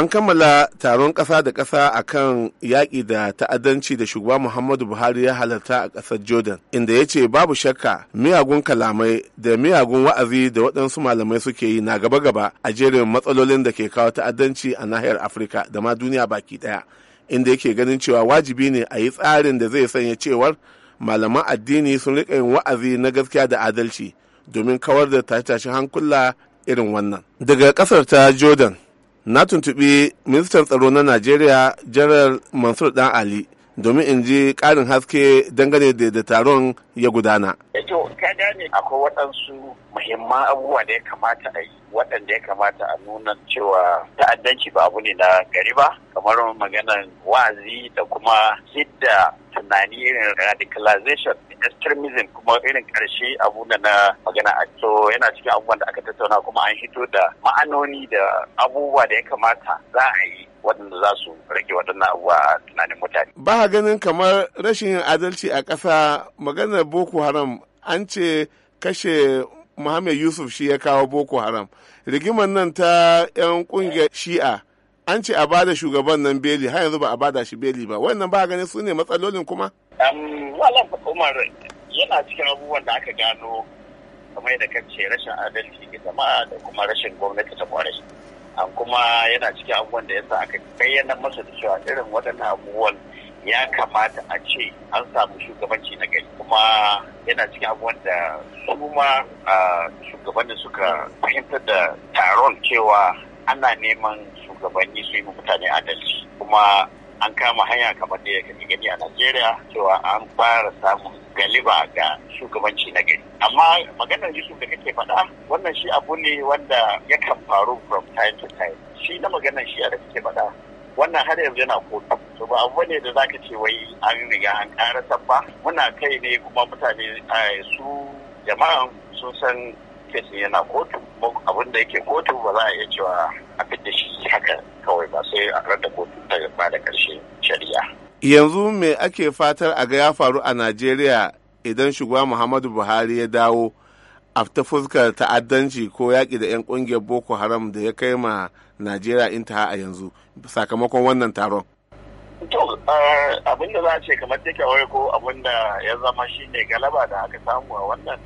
an kammala taron ƙasa da ƙasa a kan yaƙi da ta'addanci da shugaba muhammadu buhari ya halarta a ƙasar jordan inda ya ce babu shakka miyagun kalamai da miyagun wa'azi da waɗansu malamai suke yi na gaba-gaba a jerin matsalolin da ke kawo ta'addanci a nahiyar afirka da ma duniya baki ɗaya inda yake ganin cewa wajibi ne a yi tsarin da zai sanya cewar malaman addini sun riƙa yin wa'azi na gaskiya da adalci domin kawar da tashe-tashen hankula irin wannan daga ƙasar ta jordan na tuntuɓi ministan tsaro na najeriya general mansur dan ali domin in ji karin haske dangane da da taron ya gudana. Ejo, eh, ka gane akwai waɗansu muhimman abubuwa da ya kamata a yi waɗanda ya kamata a nuna cewa ta'addanci ba abu ne na gari ba kamar maganar wa'azi da kuma hidda tunani irin radicalization extremism kuma irin karshe abu da na magana a to yana cikin abubuwan da aka tattauna kuma an hito da ma'anoni da abubuwa da ya kamata za a yi waɗanda za su rage waɗannan abubuwa a tunanin mutane. Ba ganin kamar rashin adalci a ƙasa maganar Boko Haram an ce kashe Muhammad Yusuf shi ya kawo Boko Haram. Rigimar nan ta 'yan ƙungiyar Shi'a an ce a bada shugaban nan beli har yanzu ba a bada shi beli ba wannan ba ganin su ne matsalolin kuma wala umar yana cikin abubuwan da aka gano kamar da kace rashin adalci ga jama'a da kuma rashin gwamnati ta kwarai an kuma yana cikin abubuwan da yasa aka bayyana masa da cewa irin waɗannan abubuwan ya kamata a ce an samu shugabanci na gari kuma yana cikin abubuwan da su ma ah, shugabannin suka fahimtar da taron cewa ana neman shugabanni su yi mutane adalci kuma an kama hanya kamar da ya gani a Najeriya cewa an fara samun galiba ga shugabanci na gari. Amma maganar Yusuf da kake faɗa wannan shi abu ne wanda yakan faru from time to time. Shi na maganar shi da kake faɗa wannan har yanzu yana kotu. To ba abu ne da zaka ce wai an riga an ƙara ba. Muna kai ne kuma mutane eh, su jama'an sun san kesin yana kotu. abin da yake kotu ba za a iya cewa a da shi haka kawai ba sai a rada kotu ta ba da karshe shari'a. Yanzu me ake fatar a ga ya faru a Najeriya idan shugaba Muhammadu Buhari ya dawo a ta fuskar ta'addanci ko yaƙi da 'yan ƙungiyar Boko Haram da ya kai ma Najeriya intaha a yanzu sakamakon wannan taron. to abin da za a ce kamar take ko abin da ya zama shi ne galaba da aka samu a wannan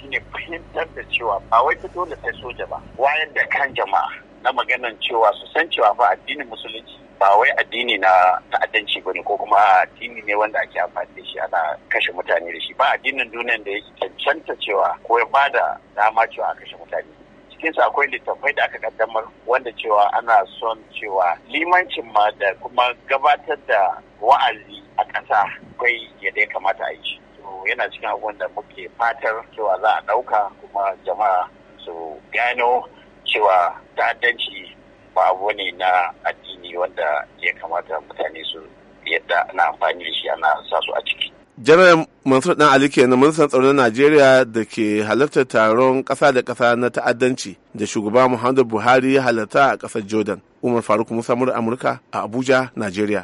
shine fahimtar da cewa ba wai ta dole sai soja ba wayan da kan jama'a na maganan cewa su san cewa ba addinin musulunci ba wai addini na ta'addanci ba ne ko kuma addini ne wanda ake amfani da shi ana kashe mutane da shi ba addinin duniyan da yake cancanta cewa ko ya bada dama cewa a kashe mutane cikinsu akwai littattafai da aka kaddamar wanda cewa ana son cewa limancin ma da kuma gabatar da wa'azi a ƙasa akwai yadda ya kamata a yi yana cikin abubuwan da muke fatar cewa za a ɗauka kuma jama'a su gano cewa ta'addanci ba abu ne na addini wanda ya kamata mutane su yadda ana amfani da shi ana sa su a ciki. Janar Mansur Dan Ali ke kenan ministan na Najeriya da ke halartar taron ƙasa da ƙasa na ta'addanci da shugaba Muhammadu Buhari ya halarta a ƙasar Jordan. Umar Faruk Musa Amurka a Abuja, Najeriya.